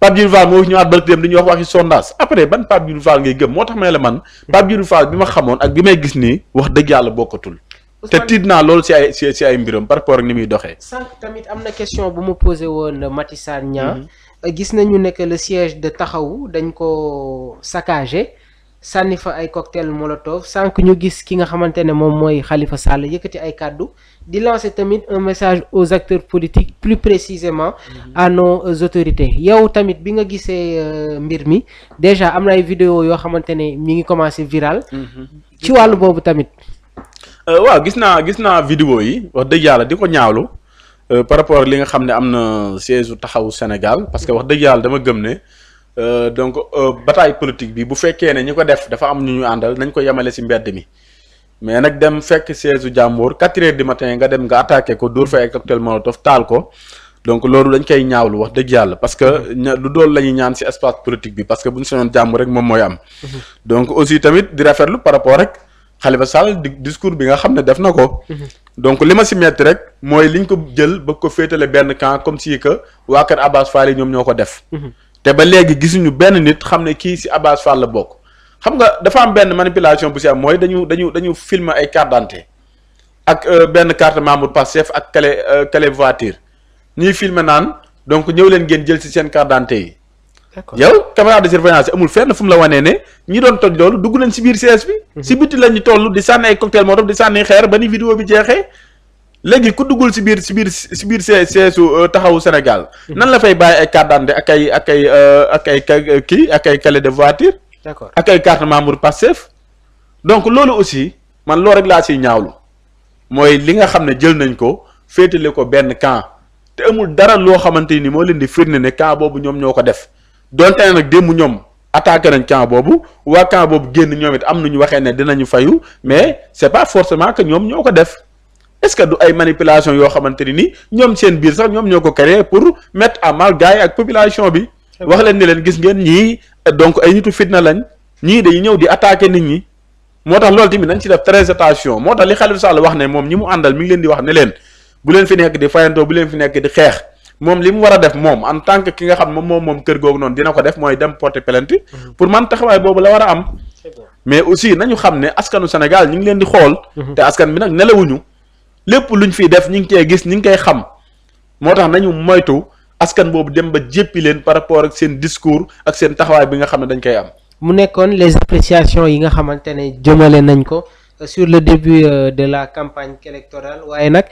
Pape Djibril Fall moo ñu waat après ban Pape Djibril moo tax ma la man Pape Djibril bi ma xamoon ak bi may gis nii wax dëgg yàlla bokkatul. te tiit naa loolu si ay mbiram par rapport ak ni muy doxee. sànq tamit am na question bu ma posé woon Maty Sarr Niang mhm. gis nañu ne que le siège de Taxawu dañ ko saccagé sànni fa ay cocktail molotov sànq ñu gis ki nga xamante ne moom mooy xalifa sàll yëkkati ay kàddu di lancer tamit un message aux acteurs politiques plus précisément à nos euh, autorités yow tamit bi nga gisee euh, mbir mi déjà am na ay vidéo yoo xamante ne mi ngi commencer viral mhm. ci wàllu boobu tamit euh, waaw gis naa gis naa vidéo yi wax dëgg yàlla di ko ñaawlu par rapport li nga xam ne am na siège taxawu Sénégal parce que wax dëgg yàlla dama gëm ne donc bataille politique bi bu fekkee ne ñi ko def dafa am ñu ñu àndal nañ ko yemale si mbedd mi mais nag dem fekk siège jàmbur quatre heures du matin nga dem nga attaqué ko dóor fa ay cocktail molotov taal ko donc loolu dañ koy ñaawlu wax dëgg yàlla parce que ña lu doolu la ñaan ci espace politique bi parce que bu ñu soñoon jàmm rek moom mooy am. Mhm. donc aussi tamit di rafetlu par rapport rek Khalifa Sall di discours bi nga xam ne def na ko. Mhm. donc li ma ci metti rek mooy li ñu ko jël ba ko féetalee benn camp comme si que waa kër Abbas Fall yi ñoom ñoo ko def. Mhm. te ba léegi gisuñu benn nit xam ne kii ci Abbas Fall la bokk. xam nga dafa am benn manipulation bu si am mooy dañu dañu dañu filmer ay carte d'identité ak euh, benn carte membre Pastef ak clé euh, clé voiture ñuy filmer naan donc ñëw leen ngeen jël si seen carte d'identité yi. yow caméra de surveillance amul fenn fu mu la wanee ne ñi doon toj loolu dugg nañ si biir CS bi. Mhm. si biti lañu toll di sànni ay cocktail Molotov di sànni xeer ba ni vidéo bi jeexee. léegi ku duggul si biir si biir si biir seesu euh, taxawu Sénégal. Mhm. nan la fay bàyyi ay carte ak ay ak ay ak ay kii ak ay clé de d'accord ak ay carte membre Pastef donc loolu aussi man loo rek laa siy ñaawlu mooy li nga xam ne jël nañ ko féetale ko benn camp te amul dara loo xamante ni moo leen di firnde ne camp boobu ñoom ñoo ko def donte ne nag démb ñoom attaqué nañ camp boobu waa camp boobu génn ñoom it am na ñu waxee ne dinañu fayu mais c'est pas forcément que ñoom ñoo ko def est-ce que du ay manipulation yoo xamante ni ñoom seen biir sax ñoom ñoo ko créé pour mettre à mal gars yi ak population bi. wax leen leen gis ngeen ñii donc ay nitu fitna lañ ñii dañuy ñëw di attaquer nit ñi moo tax loolu tamit nañ ci def très attention moo tax li Khalifa Sall wax ne moom ñi mu àndal mi ngi leen di wax ne leen bu leen fi nekk di fayantoo bu leen fi nekk di xeex moom li mu war a def moom en tant que ki nga xam moom moom moom kër googu noonu dina ko def mooy dem porter plainte mhm. pour man taxawaay boobu la war a am mais aussi nañu xam ne askanu Sénégal ñu ngi leen di xool mhm. te askan bi nag nelawuñu lépp luñ fiy def ñu ngi cee gis ñu ngi koy xam moo tax nañu moytu askan boobu dem ba jéppi leen par rapport ak seen discours ak seen taxawaay bi nga xam ne dañ koy am. mu nekkoon les appréciations yi nga xamante ne jëmale nañ ko euh, sur le début euh, de la campagne électorale waaye nag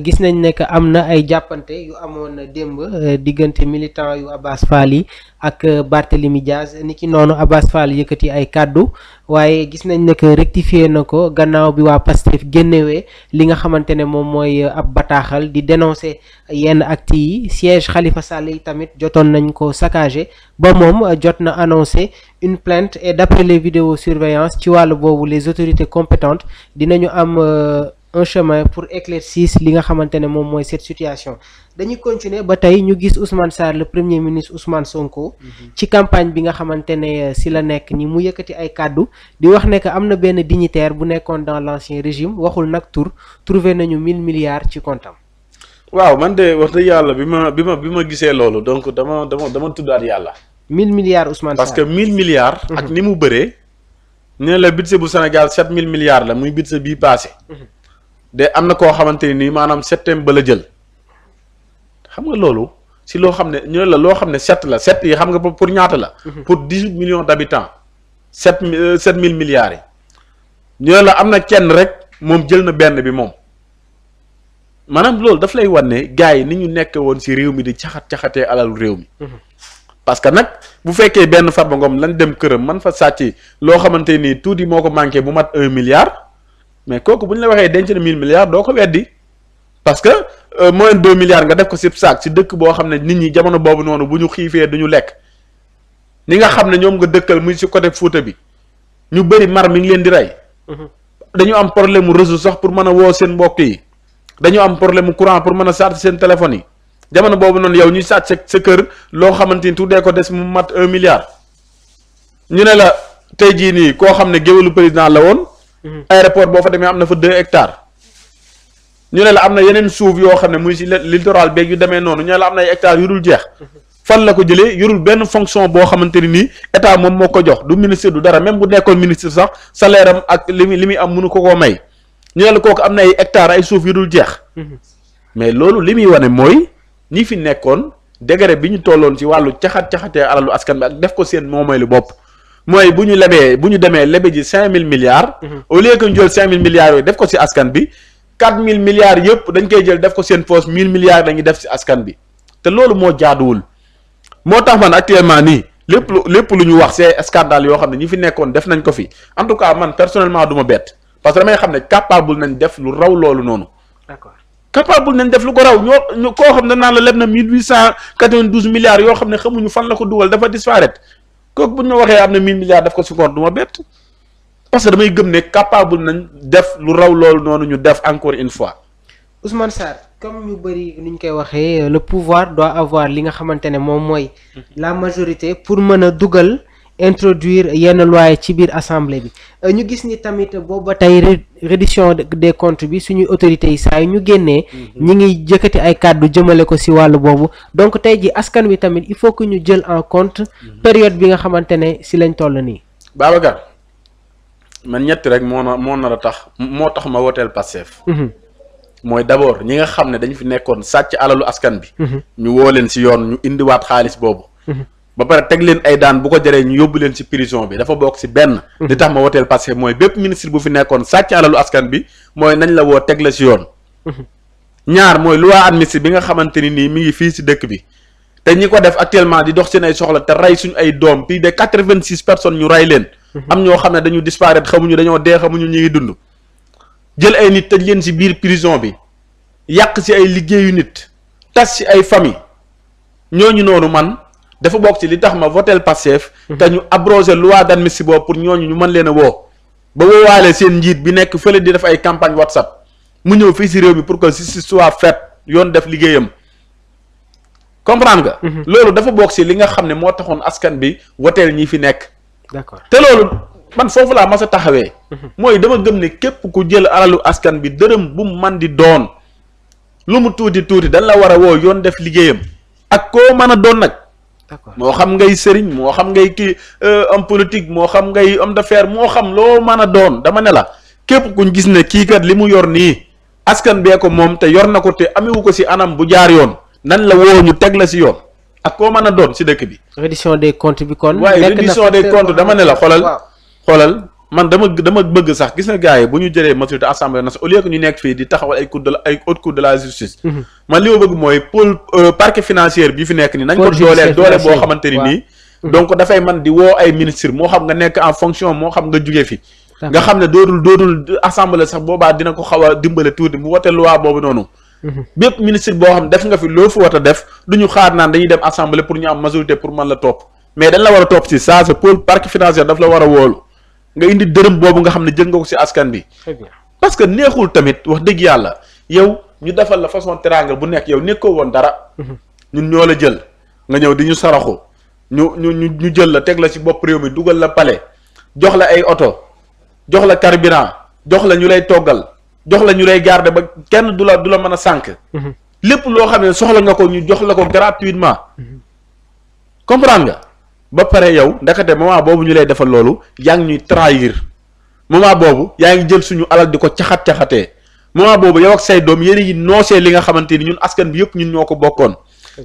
gis nañ ne que am na ay jàppante yu amoon démb euh, diggante militant yu Abbas Fall yi ak euh, Barthélemy Diaz ni ki noonu Abbas Fall yëkkati ay kàddu waaye gis nañ ne que rectifié na ko gannaaw bi waa Pastef génnewee li nga xamante ne moom mooy euh, ab bataaxal di dénoncer yenn ak yi siège Khalifa Sall yi tamit jotoon nañ ko saccagé ba moom jot na annoncé une plainte et d'après les vidéosurveillance ci wàllu boobu les autorités compétentes dinañu am. un chemin pour éclaircir li nga xamante ne moom mooy cette situation dañuy continuer ba tey ñu gis Ousmane Sarr le premier ministre Ousmane Sonko. Mhm. ci campagne bi nga xamante ne euh, si la nekk ni mu yëkkati ay kàddu di wax ne que am na benn dignitaire bu nekkoon dans l'ancien régime waxul nag tur trouvé nañu mille milliards ci compte waaw man de wax dëgg yàlla bi ma bi ma bi ma gisee loolu donc dama dama dama tuddaat yàlla. mille milliards Ousmane parce que mille milliards. ak mhm. ni mu bëree. nee la budget bu Sénégal mille milliards la muy budget bii paase. Mhm. de am na koo xamante nii maanaam septembre ba la jël xam nga loolu si loo xam ne ñu la loo xam ne sept la sept yi xam nga pour ñaata la. Mhm. pour dix huit millions d' habitants euh, sept mille sept yi ñu ne la am na kenn rek moom jël na benn bi moom maanaam loolu daf lay wan ne gars yi ni ñu nekk woon si réew mi di caxat caxatee alalu réew mi. Mhm. parce que nag bu fekkee benn Farba Ngom lañ dem këram man fa sàcc loo xamante nii tuuti moo ko manqué bu mat un milliard. mais kooku bu ñu la waxee denc na 1000 milliards doo ko weddi parce que euh, moins 2 milliards nga def ko sib saak si dëkk boo xam ne nit ñi jamono boobu noonu bu ñu xiifee du ñu lekk ñi nga xam ne ñoom nga dëkkal muy si côté Fouta bi ñu bëri mar mi ngi leen di rey. Mhm. dañu am problème mu réseau sax pour mën a woo seen mbokk yi dañu am problème mu courant pour mën a charger seen téléphone yi jamono boobu noonu yow ñuy sàcc sa sa kër loo xamante ni dee ko des mu mat un milliard ñu ne la tey jii nii koo xam ne géwélu président la woon. Mhm. aéroport boo fa demee am na fa deux hectares ñu ne la am na yeneen suuf yoo xam ne muy si littoral beeg yu demee noonu ñu ne la am na ay hectares yu dul jeex mhm. fan la ko jëlee yorul benn fonction boo xamante ni nii état moom moo ko jox du ministre du dara même bu nekkoon ministre sax salaire am ak li muy li muy am munu ko koo may ñu ne la kooku am na ay hectares ay suuf yu dul jeex mhm. mais loolu li muy wane mooy ñi fi nekkoon degré bi ñu tolloon ci wàllu caxat caxatee alalu askan bi ak def ko seen moomeelu bopp. mooy bu ñu lebee bu ñu demee lebe ji cinq mille milliards. Mhm. au lieu que ñu jël cinq mille milliards yooyu def ko ci askan bi quatre mille milliards yëpp dañ koy jël def ko seen poche mille milliards dañuy def ci askan bi te loolu moo jaaduwul moo tax man actuellement nii lépp lu lépp lu ñu wax c'est scandale yoo xam ne ñu fi nekkoon def nañ ko fi en tout cas man personnellement du ma bett parce que damay xam ne capable nañ def lu raw loolu noonu. d'accord capable nañ def lu ko yoo xam ne xamuñu fan la ko dugal dafa disparaître kooku bu ñu ma waxee am na 1000 def ko si compte du ma bett parce que damay gëm ne capable nañ def lu raw loolu noonu ñu def encore une fois. Ousmane Sarr comme ñu bëri ni ñu koy waxee le pouvoir doit avoir li nga xamante ne moom mooy la majorité pour mën a dugal introduire yenn loi ci biir assemblée bi euh, ñu gis ni tamit booba tey reddition des comptes bi suñuy autorités yi saa yu ñu génnee mhm. ñi ngi jëkkati ay kàddu jëmale ko si wàllu boobu donc tey ji askan wi tamit il faut que ñu jël en compte mhm. période bi nga xamante ne si lañ toll nii Babacar man ñett rek moo na a tax moo tax ma woteel Pastef mhm. mooy d'abord ñi nga xam ne dañu fi nekkoon sàcc alalu askan bi ñu woo leen si yoon ñu indiwaat xaalis boobu ba pare teg leen ay daan bu ko jëree ñu yóbbu leen ci prison bi dafa bokk ci benn. Mhm. li tax ma woteel parce mooy bépp ministre bu fi nekkoon sàcc alalu askan bi mooy nañ la woo teg la ci yoon. Mhm. ñaar mooy lu amnistie bi nga xamante ni nii mi ngi fii ci dëkk bi. te ko def actuellement di dox seen ay soxla te rey suñu ay doom plus de quatre-vingt-six personnes rey leen. Mhm. am ñoo xam ne dañu disparaître xamuñu dañoo dee xamuñu ñu ngi dund. jël ay nit tëj leen ci biir prison bi yàq ci ay liggéeyu nit tas ci ay famille ñooñu noonu man. dafa bokk ci li tax ma votel Pastef mhm. te ñu abrogé loi d'amnistie boobu pour ñooñu ñu man leen a woo ba woowaale seen njiit bi nekk fële di def ay campagne WhatsApp mu ñëw fii si réew bi pour que justice soit faite yoon def liggéeyam comprendre nga. Mhm. loolu dafa bokk si li nga xam ne moo taxoon askan bi woteel ñi fi nekk. d'accord te loolu man foofu laa mas a taxawee. Mhm. mooy dama gëm ne képp ku jël alalu askan bi dërëm bu man di doon lu mu tuuti tuuti dañ la war a woo yoon def liggéeyam ak koo mën a doon nag. d'accord moo xam ngay sëriñ moo xam ngay kii euh, homme politique moo xam ngay am d'affaires moo xam loo mën a doon dama ne la képp kuñ gis ne kii kat li mu yor nii askan bee ko moom te yor na ko te amewu ko si anam bu jaar yoon nan la woo ñu teg la si yoon ak koo mën a doon si dëkk bi. reddition des comptes bi kon. nekk na waaye reddition des comptes dama ne la xoolal. xoolal man dama dama bëgg sax gis nga gars yi bu ñu jëlee majorité assemblée nationale au lieu que ñu nekk fii di taxawal ay cour de la ay haute cour de la justice. Mm-hmm. man li ma bëgg mooy pôle euh, parquet financier bi fi nekk nii. nañ ko dooleel doole boo xamante ni nii. donc dafay man di woo ay ministre moo xam nga nekk en fonction moo xam nga jugee fi. nga xam ne dootul dootul assemblée sax boobaa dina ko xaw a dimbale tuuti mu wote loi boobu noonu. Mm-hmm. bépp ministre boo xam de nga fi loo fi war a def du ñu xaar naan dañuy dem assemblée pour ñu am majorité pour mën la topp mais dañ a topp si saa la war a wóolu nga indi dërëm boobu nga xam ne jël nga ko ci askan bi. parce que neexul tamit wax dégg yàlla yow ñu defal la façon teraanga bu nekk yow nekkoo woon dara. Mhm. ñun ñoo la jël nga ñëw di ñu saraxu ñu ñu ñu ñu jël la teg la ci bopp réew mi dugal la palais jox la ay oto jox la carburant jox la ñu lay toggal jox la ñu lay garde ba kenn du la du la mën a sànk. Mhm. lépp loo xam ne soxla nga ko ñu jox la ko gratuitement mhm. comprend nga. ba pare yow ndakate moment boobu ñu lay defal loolu yaa ngi ñuy trahir moment boobu yaa ngi jël suñu alal di ko caxat caxatee moment boobu yow ak say doom yéen yi ngi noosee li nga xamante ni ñun askan bi yëpp ñun ñoo ko bokkoon.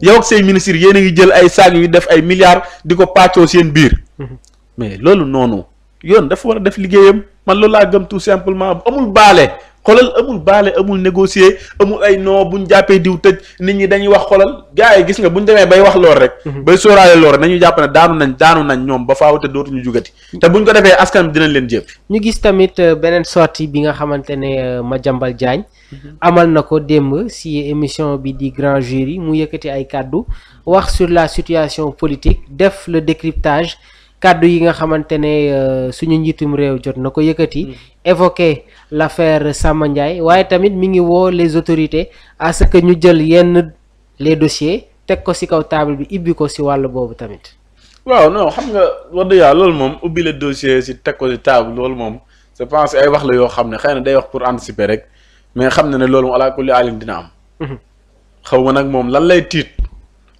yow ak say ministre yéen a ngi jël ay saag yu def ay milliards di ko pàccoo seen biir. Mm-hmm. mais loolu noonu yoon dafa war a def liggéeyam man loolu laa gëm tout simplement amul baale xoolal amul baale amul négocier amul ay non buñ jàppee diw tëj nit ñi dañuy wax xoolal gars yi gis nga bu buñ demee bay wax lool rek mhm. bay sóoraale lool rek nañu jàpp ne daanu nañ daanu nañ ñoom ba faaw te dootuñu jugati te buñ ko defee askan bi dinañ leen jépp ñu gis tamit euh, beneen sorti bi nga xamante ne euh, ma jàmbal Diagne mhm. amal na ko démb si émission bi di grand jury mu yëkkati ay kàddu wax sur la situation politique def le décryptage kàddu yi nga xamante ne euh, suñu njiitum réew jot na ko yëkkati mhm. évoqué l'affaire Samba Ndiaye waaye tamit mu ngi woo les autorités à ce que ñu jël yenn le dossiers teg ko ci kaw table bi ibbi ko ci wàll boobu tamit. waaw non xam nga wax dëgg loolu moom ubbi le dossier ci teg ko ci table loolu moom je pense ay wax la yoo xam ne xay na day wax pour anticiper rek mais xam na ne loolu moom alaakulli alim dina am. Mhm. xaw ma nag moom lan lay tiit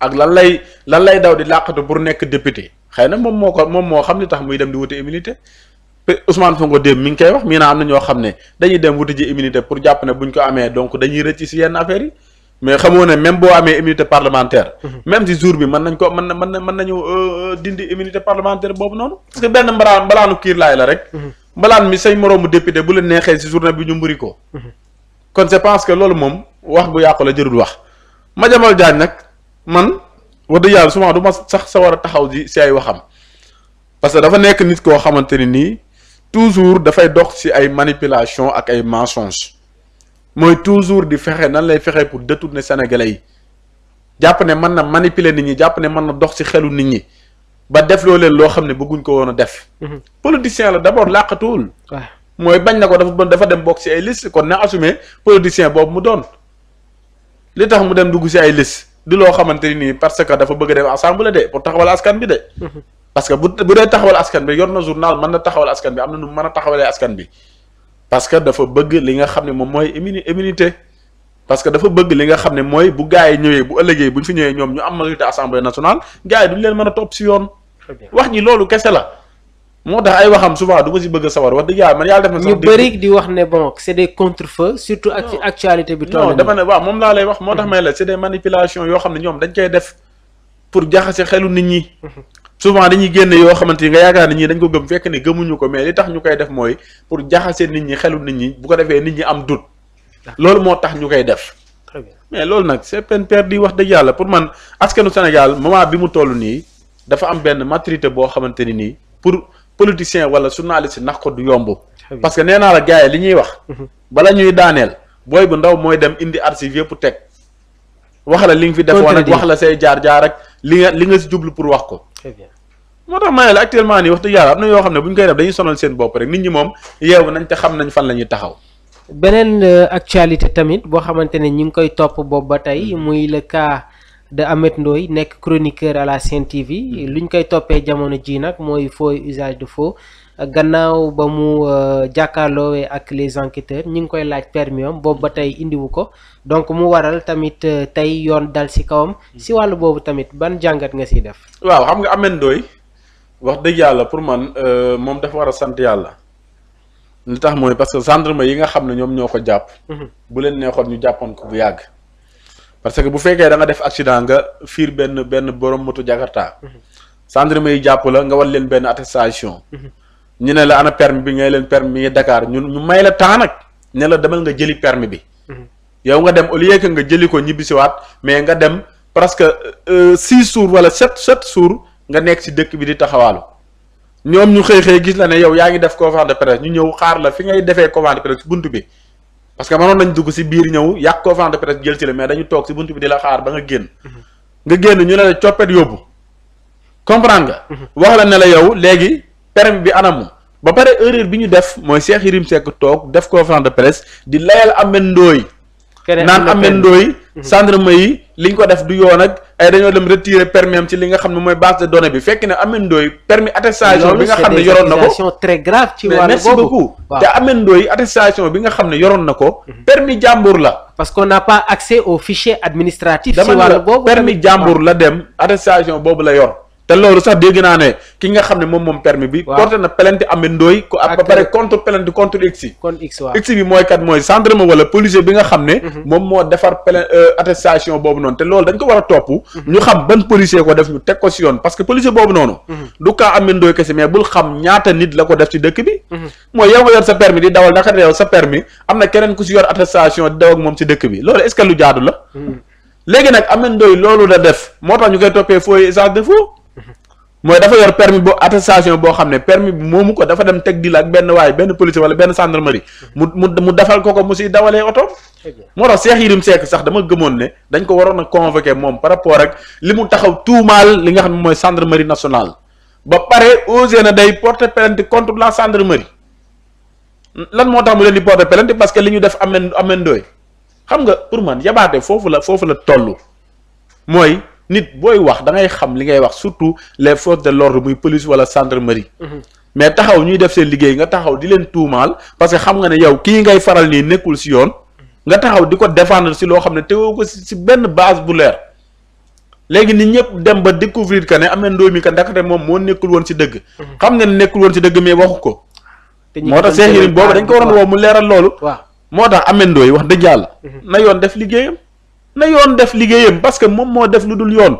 ak lan lay lan lay daw di làqatu pour nekk député xëy na moom moo ko moom moo xam li tax muy dem di wuti immunité Ousmane Sonko démb mi ngi koy wax mii naa am na ñoo xam ne dañuy dem wuti ji immunité pour jàpp ne buñ ko amee donc dañuy rëcc si yenn affaires yi mais xamoo ne même boo amee immunité parlementaire. Mhm. même si jour bi mën nañ ko mën na mën na mën nañu euh, euh, dindi immunité parlementaire boobu noonu. parce que benn mbalaan mbalaanu kiir laay la rek. Mhm. mbalaan mi say moroomu député bu la neexee si journée bi ñu mbiri ko. Mhm. kon je pense que loolu moom wax bu yàqu la jërul wax ma jamal jaañ nag man wax dëgg yàlla souvent du ma sax sa war a taxaw ji si ay waxam parce que dafa nekk nit koo xamante ni nii toujours dafay dox ci ay manipulation ak ay mensonges mooy toujours di fexe nan lay fexe pour détourner sénégalais yi jàpp ne mën na manipuler nit ñi jàpp ne mën na dox ci xelu nit ñi ba def loo leen loo xam ne bëgguñ ko woon a def. Mhm. politicien la d'abord làqatuwul. mooy bañ na ko dafa dafa dem bokk ci ay liste kon na assumer politicien boobu mu doon li tax mu dem dugg ci ay liste di loo xamante ni parce que dafa bëgg a dem assemblée de pour taxawal askan bi de. Mhm. parce que bu bu dee taxawal askan bi yor na journal mën na taxawal askan bi am na nu a taxawalee askan bi parce que dafa bëgg li nga xam ne moom mooy immunité parce que dafa bëgg li nga xam ne mooy bu gars yi ñëwee bu ëllëgee bu ñu fi ñëwee ñoom ñu am majorité assemblée nationale gars yi duñ leen mën a topp si yoon. wax ñi loolu kese la. moo tax ay waxam souvent du ma si bëgg sawar wax dëgg yàlla man yàlla def na sax. ñu di wax ne bon c' est des contre-feux surtout ak ci actualité bi. toll non dama moom laa lay wax moo tax mm-hmm. may la c' est ne ñoom dañ koy def pour jaxase xelu nit ñi. Mm-hmm. souvent dañuy génn yoo xamante ni nga yaakaar ne ñii dañ ko gëm fekk ne gëmuñu ko mais li tax ñu koy def mooy pour jaxase nit ñi xelu nit ñi bu ko defee nit ñi am doute loolu moo tax ñu koy def mais loolu nag c'est peine perdue wax dëgg yàlla pour man askanu Sénégal moment bi mu toll nii dafa am benn maturité boo xamante ni nii pour politicien wala journaliste nax ko du yomb parce que nee naa la gars li ñuy wax mhm. bala ñuy daaneel booy bu ndaw mooy dem indi archive yëpp teg wax la li nga fi defoon ak wax la say jaar jaar ak li li nga si pour wax ko très bien. moo tax ma ne nii wax dëgg yàlla am na yoo xam ne buñ ñu koy def dañuy sonal seen bopp rek nit ñi moom yeewu nañ te xam nañ fan la ñuy taxaw. beneen euh, actualité tamit boo xamante ne ñu ngi koy topp boobu ba tey mm-hmm. muy le cas de Ameth Ndoye nekk chroniqueur à la Sen TV mm-hmm. lu ñu koy toppee jamono ji nag mooy faux usage de faux. gannaaw ba mu euh, jàkkaarloowee ak les enquêteurs ñi ngi koy laaj permis am boobu ba tey indiwu ko donc mu waral tamit euh, tey yoon dal si kawam si wàll boobu tamit ban jàngat nga siy def. waaw xam nga Ameth Ndoye wax dëgg yàlla pour man euh, moom dafa war a sant yàlla. li tax moo mooy parce que gendarme yi nga xam ne ñoom ñoo ko jàpp. Mhm. bu leen neexoon ñu jàppoon ko bu yàgg. parce que bu fekkee da def accident nga fiir benn benn borom moto jakarta mhm. gendarme yi jàpp nga war leen benn attestation. Mhm. ñu ne la ana permis bi ngay leen permi bi ngi Dakar ñun ñu may la temps nag ne demal nga jëli permis bi. Mhm. yow nga dem au lieu que nga jëli ko ñibbi ñibbisiwaat mais nga dem presque euh, six jours wala sept sept jours nga nekk ci dëkk bi di taxawaalu. ñoom ñu xëy xëy gis la ne yow yaa ngi def conférence de presse ñu ñëw xaar la fi ngay defee conférence de presse bunt bi parce que mënoon nañ dugg ci biir ñëw yàq conférence de presse jël la mais dañu toog ci bunt bi di la xaar ba nga génn. Mhm. nga génn ñu ne la coppet yóbbu comprendre nga. Mhm. wax la la yow léegi. permis bi anamu ba pare erreur bi ñu def mooy Cheikh Yérim Seck toog def conférence de presse di layal Ameth Ndoye naan Ameth Ndoye mhm. gendarme li ñu ko def du yoon ak ay dañoo dem retirer permis am ci li nga xam ne mooy base de données bi fekk ne Ameth Ndoye permis attestation bi nga xam ne yoroon na ko très grave ci wàllu merci bi nga xam ne yoroon na ko permis jàmbur la parce que n'a pas accès au fichier administratif ci wàllu boobu permis jàmbur la dem attestation boobu la yor te loolu sax dégg naa ne ki nga xam ne moom moom permis bi. waaw porté na plainte Ameth Ndoye. ko à peu près contre plainte contre X. X bi mooy kat mooy gendarme wala policier bi nga xam ne. Mhm. moom moo defar plainte euh, attestation boobu noonu te loolu dañ ko war a topp. Mhm. ñu xam ban policier ko def ñu teg ko si yoon parce que policier boobu noonu. Mhm. du cas Ameth Ndoye kese mais bul xam ñaata nit la ko def si dëkk bi. mooy yow nga yor sa permis di dawal naka yow sa moom si dëkk bi loolu est-ce loolu la moo tax ñu koy toppee mooy dafa yor permis boo attestation boo xam ne permis bi moomu ko dafa dem teg di ak benn waay benn police wala benn gendarmerie mu mu mu defal ko ko mu si dawalee oto moo tax Cheikh Yérim Seck sax dama gëmoon ne dañ ko waroon a convoqué moom par rapport ak li mu taxaw tuumaal li nga xam ne mooy gendarmerie national ba pare osé na day porter plainte contre la gendarmerie lan moo tax mu leen di porter plainte parce que li ñu def amen amen doy xam nga pour man yabaate foofu la foofu la toll mooy nit booy wax da ngay xam li ngay wax surtout les forces de l'ordre muy police wala gendarmerie. Mhm. mais taxaw ñuy def seen liggéey nga taxaw di leen tuumaal parce que xam nga ne yow kii ngay faral nii nekkul si yoon. nga taxaw di ko défendre si loo xam ne teewoo ko si benn base bu leer. léegi ni ñëpp dem ba découvrir que ne am na ndóoy mi que ndakate moom moo nekkul woon si dëgg. Mhm. xam nga ne nekkul woon si dëgg mais waxu ko. moo tax Cheikh Yérim boobu dañ ko waroon woo mu leeral loolu. waaw moo tax amendoo wax dëgg yàlla. Mhm. na def liggéeyam. na yoon def liggéeyam parce que moom moo def lu dul yoon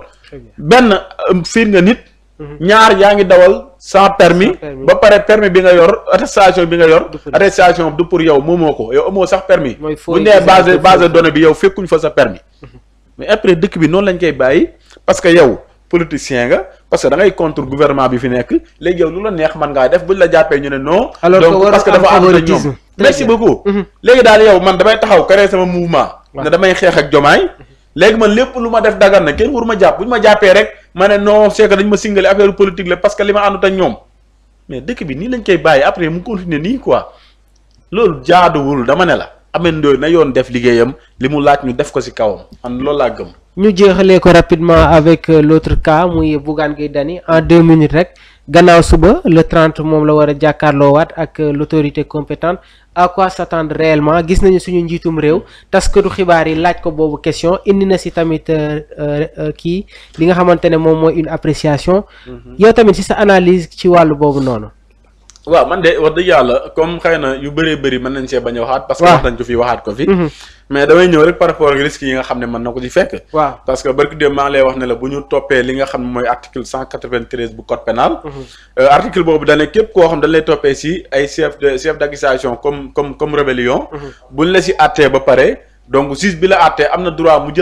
benn euh, fiir nga nit mhm. ñaar yaa ngi dawal san permis ba pare permis bi nga yor attestation bi nga yor attestation du pour yow moomoo ko yow amoo sax permis bu nee base base de données bi yow fekkuñ fa sa permis mhm. mais après dëkk bi noonu lañ koy bàyyi parce que yow politicien nga parce que da ngay contre gouvernement bi fi nekk léegi yow lu la neex man ngaa def buñ la jàppee ñu ne non donc parce dafa am na ñoom ne damay xeex ak jomaay léegi man lépp lu ma def dagan na kenn waru ma jàpp bu ñu ma jàppee rek ma ne non c'est que dañ ma singale affaire politique la parce que li ma àndut ak ñoom mais dëkk bi nii lañ koy bàyyi après mu continuer nii quoi loolu jaaduwul dama ne la Ameth Ndoye na yoon def liggéeyam li mu laaj ñu def ko ci kawam man loolu laa gëm. ñu jeexalee ko rapidement avec euh, l'autre cas muy Bougane Gueye Dany en deux minutes rek gannaaw suba le 30 moom la war a jàkkaarloowaat ak euh, l'autorité compétente à quoi s'attendre réellement gis nañu suñu njiitum réew taskatu xibaar yi laaj ko boobu question indi na si tamit euh, euh, euh, kii li nga xamante ne moom mooy une appréciation mm-hmm. yow tamit ci sa analyse ci wàllu boobu noonu waaw man de wax dëgg yàlla comme xëy na yu bëree bëri mën nañ see bañ a waxaat. parce que wax nañ ko fi waxaat ko fi. Mhm. mais damay ñëw rek par rapport ak yi nga xam ne mën na ko ci fekk. parce que barki démb maa ngi lay wax ne la bu ñu toppee li nga xam ne mooy article bu code pénal. Mhm. Euh, article boobu dañ képp koo xam dañ toppee si ay chef de chef d'accusation comme comme comme rébellion. Mhm. buñ la si àttee ba pare. donc juge bi la àttee am na droit